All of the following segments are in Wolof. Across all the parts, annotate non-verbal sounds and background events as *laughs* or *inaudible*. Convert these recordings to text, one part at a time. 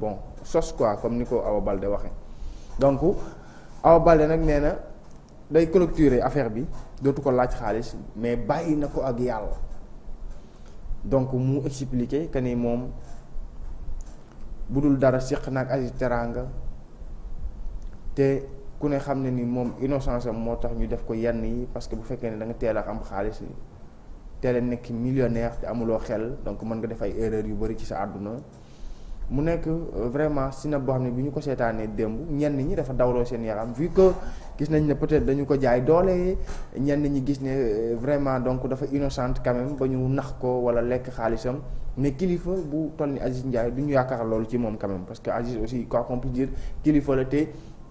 bon sos quoi comme ni ko Awa Balde waxee donc Awa Balde nag nee na day clôturer affaire bi dootu ko laaj xaalis mais bàyyi na ko ak yàlla donc mu expliquer que ni moom bu dul dara siq nag Aziz teraanga te ku ne xam ne ni moom innocence moo tax ñu def ko yenn yi parce que bu fekkee ne da nga teel a am xaalis teel a nekk millionnaire te amuloo xel donc mën nga def ay erreur yu bari ci sa àdduna mu nekk euh, vraiment synap boo xam ne bu ñu ko seetaanee démb ñenn ñi dafa dawloo seen yaram vu ko gis nañ ne peut-être dañu ko jaay doole ñenn ñi gis ne euh, vraiment donc dafa innocente quand même ba ñu nax ko walla lekk xaalisam mais kilifa bu toll ni Aziz Ndiaye duñu ñu yaakaar loolu ci moom quand même parce que Aziz aussi quoi qu'on peut dire kilifa la te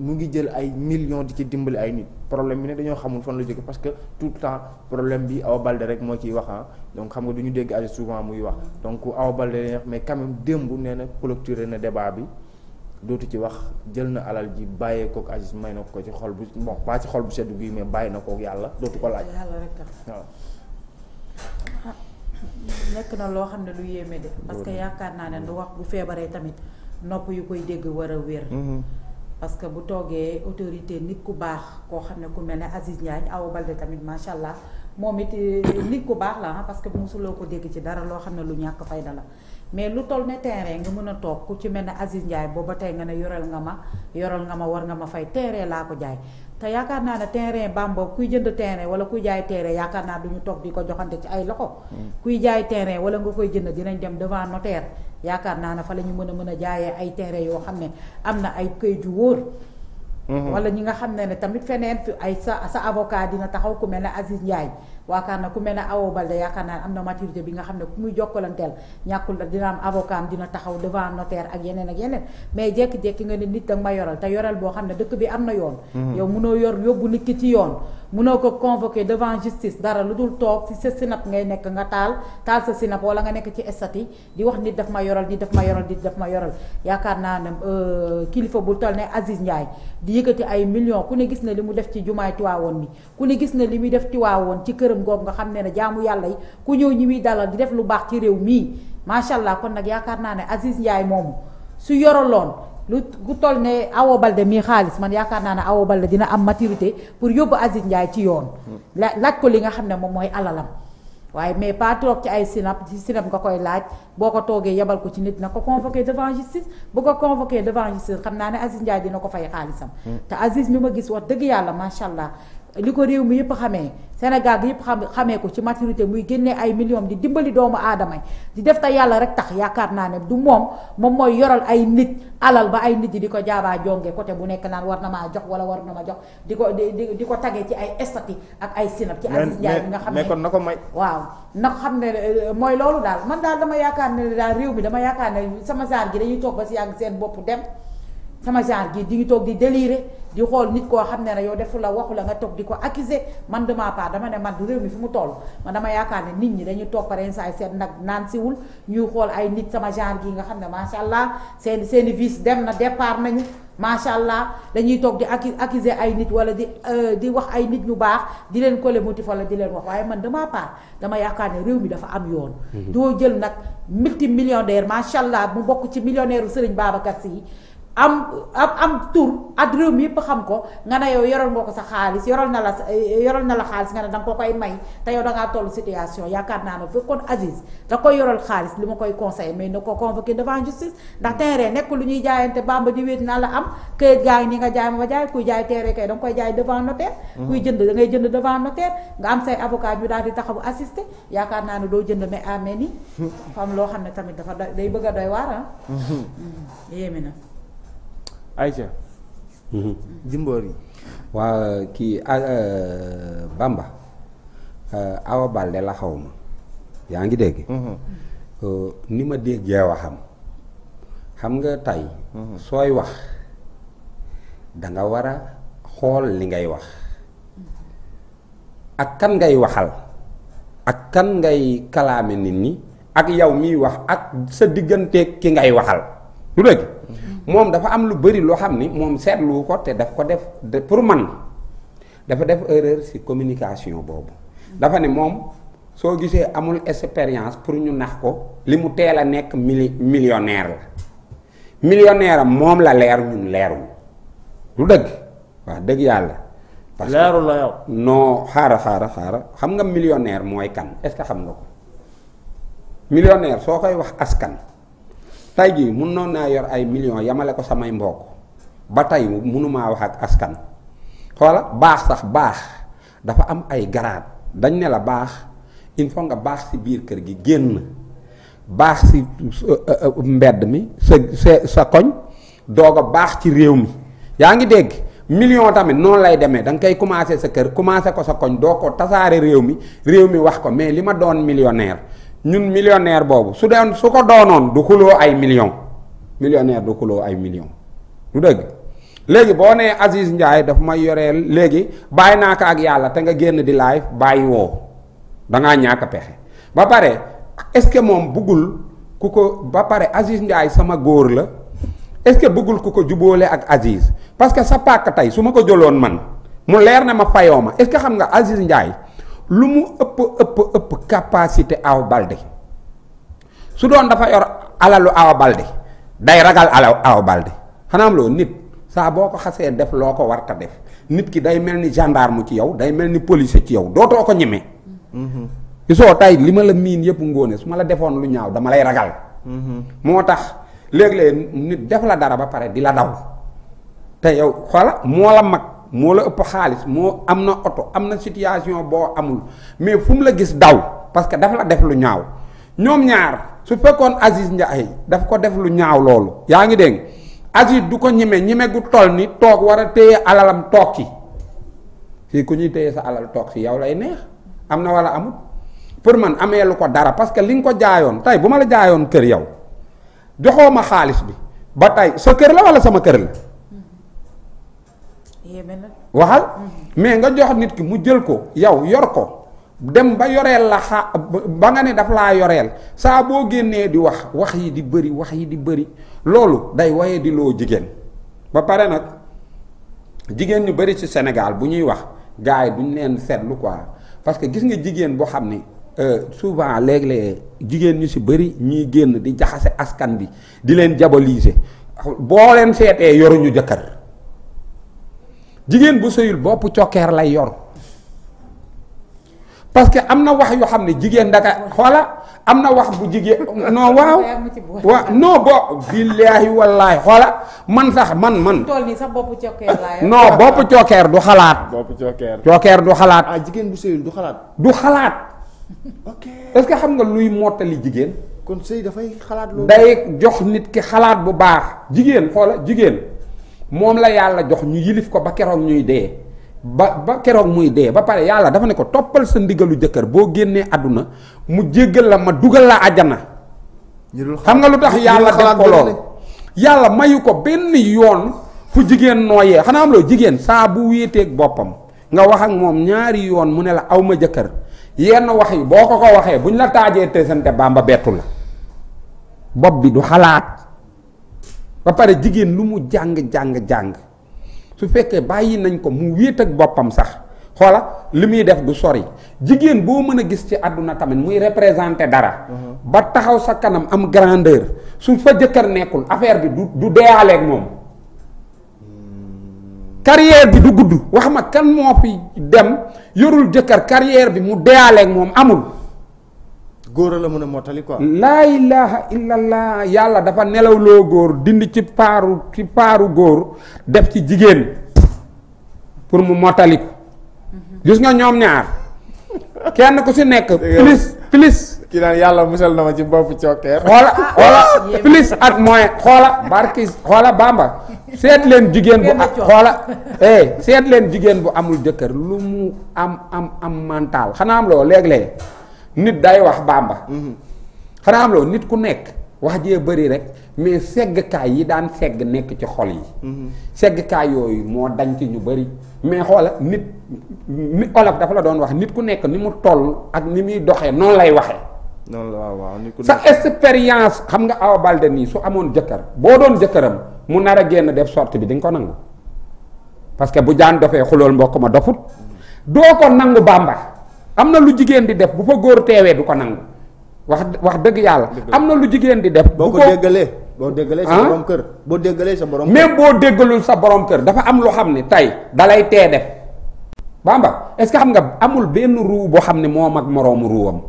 mu ngi jël ay millions di ci dimbali ay nit problème bi ne dañoo xamul fan la jóge parce que tout le temps problème bi Awa Balde rek moo ciy wax ah donc xam nga du ñu dégg assez souvent muy wax donc Awa Balde dañuy wax mais quand na clôturer na débat bi dootu ci wax jël na alal ji bàyyee kook Aziz may ko ci xol bu bon pas ci xol bu bi mais bàyyi na kook yàlla dootu ko laaj. yàlla rek waaw. Ah, nekk na loo xam ne lu yéeme de. parce yaakaar naa ne du wax bu feebaree tamit nopp yu koy dégg war a wér. Mm-hmm. parce que bu toogee autorité nit ku baax koo xam ne ku mel ne Aziz Ndiagne Awa Balde tamit macha allah moom it euh, nit ku baax la ah, parce que mosuloo ko dégg ci dara loo xam ne lu ñàkk fayda la mais lu toll ne terrain nga mën a toog ku ci mel ne Aziz Ndiaye booba tey nga ne yoral nga ma yoral nga ma war nga ma fay terrain laa ko jaay te yaakaar naa ne terrain bamba kuy jënd terrain wala kuy jaay terrain yaakaar naa du ñu toog di ko joxante ci ay loxo mm. kuy jaay terrain wala nga koy jënd dinañ dem devant notaire yaakaar naa ne fa la ñu mën a mën a jaayee ay terrain yoo xam ne am na ay këyit yu wóor. Mhm. wala ñi nga xam ne ne tamit feneen ay sa sa avocat dina taxaw ku mel ne Aziz Ndiaye waakaar na ku mel ne Awo Balde yaakaar naa am na maturité bi nga xam ne ku muy jokkalanteel ñàkkul dina am avocat dina taxaw devant notaire ak yeneen ak yeneen mais jékki-jékki nga ne nit da nga ma yoral te yoral boo xam ne dëkk bi am na yoon mhm. yow munoo yor yóbbu nit ki ci yoon munoo ko convoquer devant justice dara lu dul toog si sa sinap ngay nekk nga taal taal sa sinap wala nga nekk ci estati di wax nit daf ma yoral nit daf ma yoral nit daf ma yoral yaakaar naa ne euh, kilifa bu toll ne Aziz Ndiaye di yëkkati ay millions ku ne gis na li mu def ci jumaay Tiwaawoon bi ku li muy def Tiwaawoon ci këram gërëm googu nga xam ne na jaamu yàlla yi ku ñëw ñi muy dalal di def lu baax ci réew mii macha allah kon nag yaakaar naa ne Aziz Ndiaye moomu su yoroloon lu ku toll ne Awa Balde mii xaalis man yaakaar naa ne Awa Balde dina am maturité pour yóbbu Aziz Ndiaye ci yoon. la laaj ko li nga xam ne moom mooy alalam. waaye mais pas toog ci ay sinap ci sinap nga koy laaj boo ko toogee yebal ko ci nit na ko convoqué devant justice bu ko convoqué devant justice xam naa ne Aziz Ndiaye dina ko fay xaalisam. Hmm. te Aziz mi ma gis wax dëgg yàlla macha allah li ko réew mi yëpp xamee Sénégal gi yëpp xam xamee ko ci maturité muy génne ay millions di dimbali doomu aadama di def te yàlla rek tax yaakaar naa ne du moom moom mooy yoral ay nit alal ba ay nit yi di ko jaabaa jonge côté bu nekk naan war na maa jox wala war na ma jox di ko di di ko tagee ci ay estati ak ay sinab ci Aziz Ndiaye nga xam ne mais kon na ko may waaw na xam ne euh, mooy loolu daal man daal dama yaakaar ne daal réew mi dama yaakaar ne sama saar gi dañuy toog ba si seen bopp dem sama genre gii di ngi toog di déliré di xool nit koo xam ne ne yow defu la waxu la nga toog di ko accuser man de ma part dama ne man du réew mi fi mu toll man dama yaakaar ne nit ñi dañu toog pare saa seen nag naan siwul ñuy xool ay nit sama genre gii nga xam ne macha allah seen seen i dem na départ nañu macha allah dañuy toog di accu accuser ay nit wala di euh, di wax ay nit ñu baax di leen collé motif wala di leen wax waaye man de ma part dama yaakaar ne réew mi dafa am yoon. Mhm. doo jël nag multi millionnaire macha allah bu bokk ci millionnaire Serigne Babacar Sy. am am am tur ak réew mi yëpp xam ko nga ne yow yoral nga ko sa xaalis yoral na la yoral na la xaalis nga ne danga ko koy may te yow situation yaakaar naa ne fekkoon Aziz da koy yoral xaalis li ma koy conseillé mais ko convoqué devant ndax terrain nekk lu ñuy jaayante bamba di wéet naa la am këyit gaa ngi ni nga jaay ma ba jaay kuy jaay danga koy jaay devant notaire. Mhm. kuy jënd da ngay jënd devant notaire nga am say avocat ñu daal di taxawu assisté yaakaar naa ne doo jënd mais amee ni. Mhm. fam loo xam ne tamit dafa day bëgg a doy waar ah. mhm. mm. na. Aïcha. Mhm. Jimbori. waa kii Bamba. Awa la xaw ma. yaa ngi dégg. Mhm. ni ma déggee waxam. xam nga tey. Mhm. sooy wax danga war a xool li ngay wax. ak kan ngay waxal. ak kan ngay kalaame nit ñi. ak yow miy wax ak sa digganteeg ki ngay waxal. du dëgg. moom dafa am lu bëri loo xam ni moom seetlu ko te daf ko def de pour man dafa def erreur ci communication boobu. dafa ne moom soo gisee amul expérience pour ñu nax ko li mu teel a nekk mili millionnaire la millionnaire am moom la leer ñun leeru lu dëgg waa dëgg yàlla. parce que leerul la yow. non xaara xaara xaara xam nga millionnaire mooy kan est-ce que xam nga ko millionnaire soo koy wax askan. tey jii mun noon naa yor ay millions yamale ko samay mbokk ba tey munumaa wax ak askan xoola baax sax baax dafa am ay garaat dañ ne la baax il faut nga baax ci biir kër gi génn baax ci euh, euh, euh, mbedd mi sa sa sa koñ doog a baax ci réew mi yaa ngi dégg million tamit noonu lay demee da nga koy commencé sa kër commencé ko sa koñ doo ko tasaare réew mi réew mi wax ko mais li ma doon millionnaire ñun millionnaire boobu su doon su ko doonoon du xuloo ay millions millionnaire du xuloo ay millions du dëgg léegi boo nee Aziz Ndiaye dafa ma yoreel léegi bàyyi naa ko ak yàlla te nga génn di live bàyyi woo dangaa ñàkk pexe ba pare est-ce que moom buggul ku ko ba pare Aziz Ndiaye sama góor la est-ce que bëggul ku ko juboole ak Aziz parce que sa pàkk tey su ma ko jëloon man mu leer na ma fayoo ma est xam nga Aziz Ndiaye lu mu ëpp ëpp ëpp capacité aw balde su doon dafa yor alalu Awa Baldé day ragal alaw Awa Baldé xanaa am loo nit saa boo ko xasee def loo ko warta def nit ki day mel ni gendarme ci yow day mel ni policier ci yow dootoo ko ñemee mm-hmm. gisoo tey li ma la miin yëpp ngóone su ma la defoon lu ñaaw dama lay ragal mm-hmm. moo tax léeg-léeg nit def la dara ba pare di la daw te yow xoola moo la mag moo la ëpp xaalis moo am na oto am na situation boo amul mais fu mu la gis daw parce que dafa la def lu ñaaw ñoom ñaar su fekkoon Aziz Ndiaye daf ko def lu ñaaw loolu yaa ngi dégg Aziz du ko ñime ñime gu toll ni toog war a téye alalam toog ci fii ku ñuy téye sa alal toog si yow lay neex am na wala amul pour man amee lu ko dara parce que li nga ko jaayoon tey bu ma la jaayoon kër yow joxoo ma xaalis bi ba tey sa kër la wala sama kër la. waxal mm-hmm. mais nga jox nit ki mu jël ko yow yor ko dem ba yoreel la xa ba nga ne daf laa yoreel saa boo génnee di wax wax yi di bëri wax yi di bëri loolu day woye di loo jigéen ba pare nag jigéen ñu bëri si Sénégal bu ñuy wax gars yi duñ leen seetlu quoi parce que gis nga jigéen boo xam ne euh, souvent léeg-léeg jigéen ñu si bëri ñuy génn di jaxase askan bi di leen jabalise boo leen seetee yoruñu jëkkër jigéen bu sëyul bopp cokkeer lay yor parce que am na wax yoo xam ne jigéen daka xoola am na wax bu jigéen non *laughs* waaw waaw non billaahi wallaahi xoola man sax man man tool nii sax bopp cokkeer laa non bopp du xalaat bopp cokkeer cokkeer du xalaat ah jigéen bu sëyul du xalaat du xalaat ok est-ce que xam nga luy mottali jigéen kon sëy dafay xalaat loolu day jox nit ki xalaat bu baax jigéen xoola jigéen moom la yàlla jox ñu yilif ko ba keroog ñuy dee ba ba keroog muy dee ba pare yàlla dafa ne ko toppal sa ndigalu jëkkër boo génnee àdduna mu jéggal la ma dugal la àjjana xam nga lu tax yàlla def ko lool yàlla mayu ko benn yoon fu jigéen nooyee xanaa am loo jigéen saa bu wéeteeg boppam nga wax ak moom ñaari yoon mu ne la aw ma jëkkër yenn wax yi boo ko ko waxee buñ la taajee te sante Bàmba bettu la bopp bi du xalaat ba pare jigéen lu mu jàng jàng jàng su fekkee bàyyi nañ ko mu wéet ak boppam sax xoola li muy def du sori jigéen boo mën a gis ci àdduna tamit muy représenté dara. Mhm. ba taxaw sa kanam am grandeur su fa jëkkër nekkul affaire bi du du deyaaleeg moom. Hmm. carrière bi du gudd wax ma kan moo fi dem yorul jëkkër carrière bi mu deyaaleeg moom amul. góor la mën a mottali quoi. laa ilaha illallah yàlla dafa nelaw nelawloo góor dind ci paaru ci paaru góor def ci jigéen pour mu mottali ko mhm. gis nga ñoom ñaar kenn ku si nekk. plus plus. ki naan yàlla musal na ma ci bopp cokkeer. xoola ah, ah, xoola ah, plus ak moyen xoola barki xoola bamba seet leen jigéen bu ak xoola eh seet leen jigéen bu amul jëkkër lu mu am am am mental xanaa am loo léeg nit day wax bàmba mhm. xanaa am loo nit ku nekk wax jee bëri rek mais seggkaay yi daan segg nekk ci xol yi mhm. seggkaay yooyu moo dañ ci ñu bëri mais xoola nit ni olof dafa la doon wax nit ku nekk ni mu toll ak ni muy doxee noonu lay waxee waaw waaw nit ku sa expérience xam nga aw Balde nii su amoon jëkkër boo doon jëkkëram mu nar a génn def sorti bi di nga ko nangu parce que bu jaan dofee xulool mbokk ma dofut mhm. doo ko nangu bàmba am na lu jigéen di def bu fa góor teewee du ko nangu wax wax dëgg yàlla. am na lu jigéen di def. bu ko déggalee boo déggalee sa borom boo déggalee sa borom kër boo déggalul sa borom kër dafa am loo xam ni tey dalay tee def. bamba est-ce que xam nga amul benn ruu boo xam ne moo mag moroomu ruuwam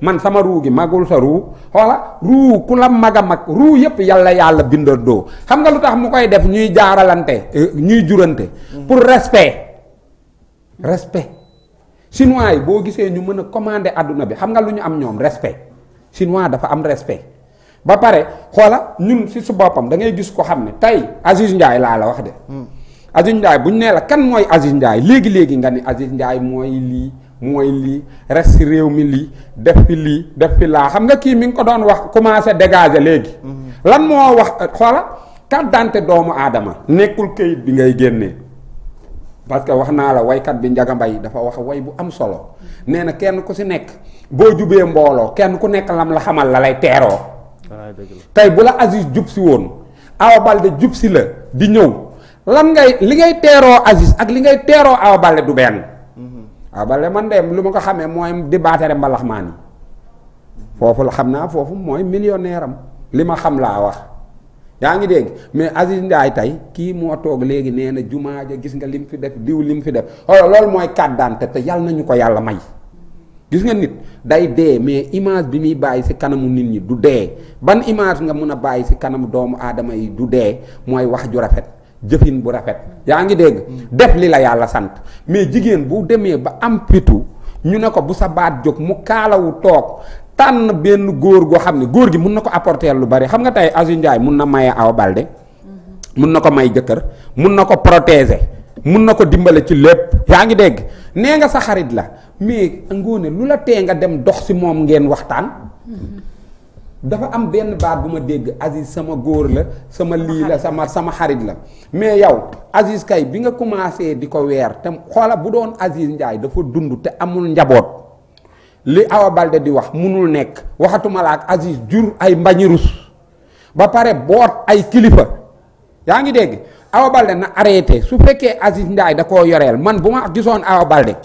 man sama ruu gi magul sa ruu xoola ruu ku la mag a mag ruu yëpp yàlla yàlla doo xam nga lu tax mu koy def ñuy jaaralante euh, ñuy jurante. Mm. pour respe respect. chinois yi boo gisee ñu mën a commander àdduna bi xam nga lu ñu am ñoom respect chinois dafa am respect ba pare xoola ñun si su boppam da ngay gis ko xam ne tey Aziz Ndiaye laa la wax de. Hmm. Aziz Ndiaye buñ nee la kan mooy Aziz Ndiaye léegi léegi nga ni Aziz Ndiaye mooy lii mooy lii res réew mi lii def fi lii def fi laa xam nga kii mi ngi ko doon wax commencé dégager léegi. Hmm. lan moo wax xoola carte d'identité doomu aadama. nekkul kayit bi ngay génnee. parce que wax naa la waykat bi Njaga Mbay dafa wax way bu am solo nee na kenn ku si nekk boo jubee mbooloo kenn ku nekk lam la xamal la lay teeroo tey bu la Aziz jub si woon Awa Balde jub si la di ñëw lan ngay li ngay teeroo Aziz ak li ngay teeroo Awa Balde du benn mm-hmm. Awa Balde man de lu ma ko xamee mooy di baatere mbalax maan yi foofu la xam naa foofu mooy millionnaire li ma xam laa wax yaa ngi dégg mais Aziz Ndiaye tey kii moo toog léegi nee na jumaa ja gis nga lim fi def diw li lim fi def xoolal loolu mooy carte d'identité te yàlla nañu ko yàlla may gis nga nit day dee mais image bi muy bàyyi si kanamu nit ñi du dee ban image nga mun a bàyyi si kanamu doomu aadama yi du dee mooy wax ju rafet jëfin bu rafet yaa ngi dégg def li la yàlla sant mais jigéen bu demee ba am pitu ñu ne ko bu sa baat jóg mu kaalawu toog tànn benn góor goo xam ne góor gi mun na ko apporter lu bari xam nga tey Aziz Ndiaye mun na maye Awa Balde mm-hmm. mun na ko may jëkkër mun na ko protéger mun na ko dimbale ci lépp yaa ngi dégg nee nga sa xarit la mais Ngoné lu la tee nga dem dox moom ngeen waxtaan mm-hmm. dafa am benn baat bu ma dégg Aziz sama góor la sama lii la sama sama xarit la mais yow Aziz kay bi nga commencé di ko weer te xoola bu doon Aziz Ndiaye dafa dund te amul njaboot li Awa di wax munul nekk waxatuma la ak Aziz jur ay mbañi rus ba pare boot ay kilifa yaa ngi dégg Awa na arrêté su fekkee Aziz Ndiaye da koo yoreel man bu ma gisoon Awa Balde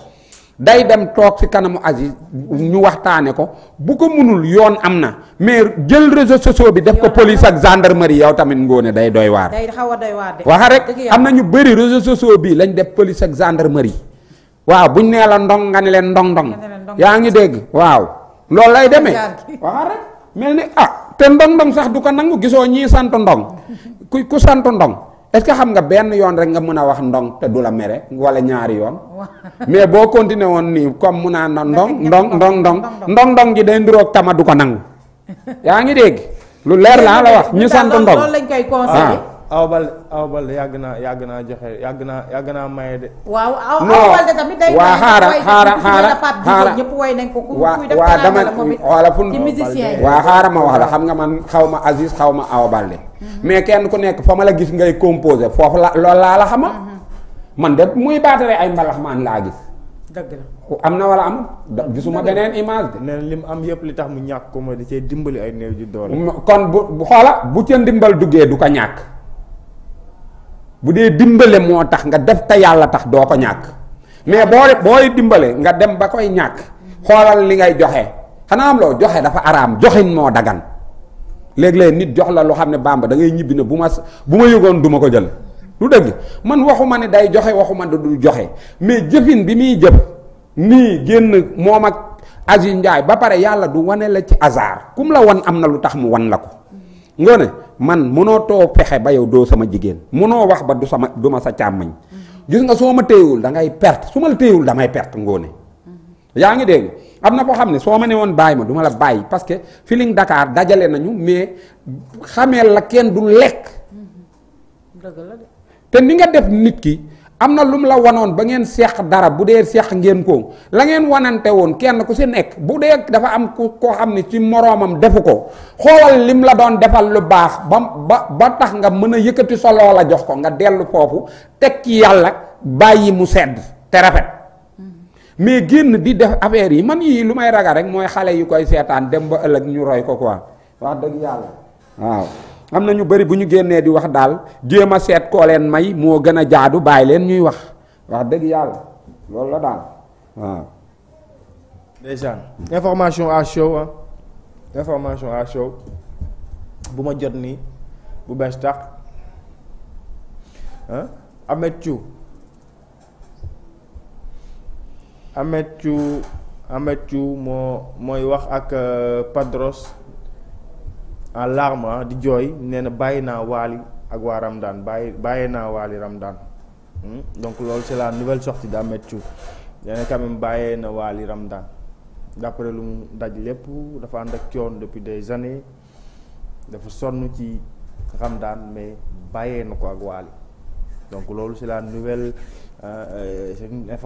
day dem toog ci kanamu Aziz ñu waxtaane ko bu ko munul yoon am na mais jël réseaux sociaux bi def ko police ak gendarmerie yow tamit ngoone day doy waar. day xaw a doy waar de. rek am na ñu bëri réseaux sociaux bi lañ def police ak gendarmerie. waaw buñ nee la ndong nga ne leen ndong ndong yaa ngi dégg waaw loolu lay demee waaw rek mel ni ah te ndong ndong sax du ko nangu gisoo ñii sant ndong ku ku sant ndong est-ce que xam nga benn yoon rek nga mën a wax ndong te du la mere wala ñaari yoon *laughs* mais boo continuer woon nii comme mun naa na ndong ndong ndong ndong ndong ndong ji day nduroog tama du ko nangu *laughs* yaa ngi dégg lu leer laa la wax ñu sant ndong loolu aw bal aw bal yàgg naa yàgg naa joxe yàgg naa yàgg naa maye de. waaw aw aw bal de tamit day. waaw xaara xaara xaara fu. ci musicien yi ma wax la xam nga man xaw ma Aziz xaw ma aw bal mhm. mais kenn ku nekk fa ma la gis ngay composé foofu la lool laa la xama mhm. man de muy baatare ay mbalax maan laa gis. am na wala amul gisuma beneen image de. nee lim am yëpp li tax mu ñàkk ko mooy da cee dimbali ay néew ju doole. kon bu xoola bu ca ndimbal duggee du ko ñàkk bu dee dimbale moo tax nga def te yàlla tax doo ko ñàkk mais boo booy dimbale nga dem ba koy ñàkk xoolal li ngay joxe xanaa am loo joxe dafa araam joxin moo dagan léegi léeg nit jox la loo xam ne bàmb da ngay ñibbi ne bu ma bu ma yëgoon duma ko jël lu dëgg man waxuma ne day joxe waxuma ne du joxe mais jëfin bi muy jëf nii génn moom ak aji njaay ba pare yàlla du wane la ci hasard kum la wan am na lu tax mu wan la ko ngoone man munoo too fexe ba yow doo sama jigéen munoo wax ba du sama du ma sa càmmañ gis nga soo ma téyewul da ngay perte su ma la téyewul damay perte ngoone yaa ngi dégg am na foo xam ne soo ma ne woon bàyyi ma duma la bàyyi parce que Feeling dakaar dajale nañu mais xameel la kenn du lekk. dëgg te ni nga def nit ki am na lu mu la wanoon ba ngeen seq dara bu dee seq ngeen koo la ngeen wanante woon kenn ku si nekk bu dee dafa am ku koo xam ne ci moroomam defu ko xoolal lim la doon defal lu baax ba ba ba tax nga mën a yëkkati solo la jox ko nga dellu foofu teg ki yàlla bàyyi mu sedd te rafet mais génn di def affaire yi man yii lu may ragal rek mooy xale yi koy seetaan dem ba ëllëg ñu roy ko quoi wax dëgg yàlla waaw am na ñu bari bu ñu génnee di wax daal jéem a seet koo leen may moo gën a jaadu bàyyi leen ñuy wax wax dëgg yàlla loolu la daal waaw. déjà information à chaud bu ma jot nii bu bees tax ah Ahmed Thiou Ahmed Thiou Ahmed moo mooy wax ak euh, Padros en larmes di jooy nee na bàyyi naa waali ak waa Ramadaan bàyyi bàyyi naa waali Ramadaan hmm? donc loolu c'est la nouvelle sortie d'Ahmed Diouf nee na quand bàyyee na waali Ramadaan d'après lu mu daj lépp dafa ànd ak coon depuis des années dafa sonn ci Ramadaan mais bàyyee na ko ak waali donc loolu c'est la nouvelle euh, euh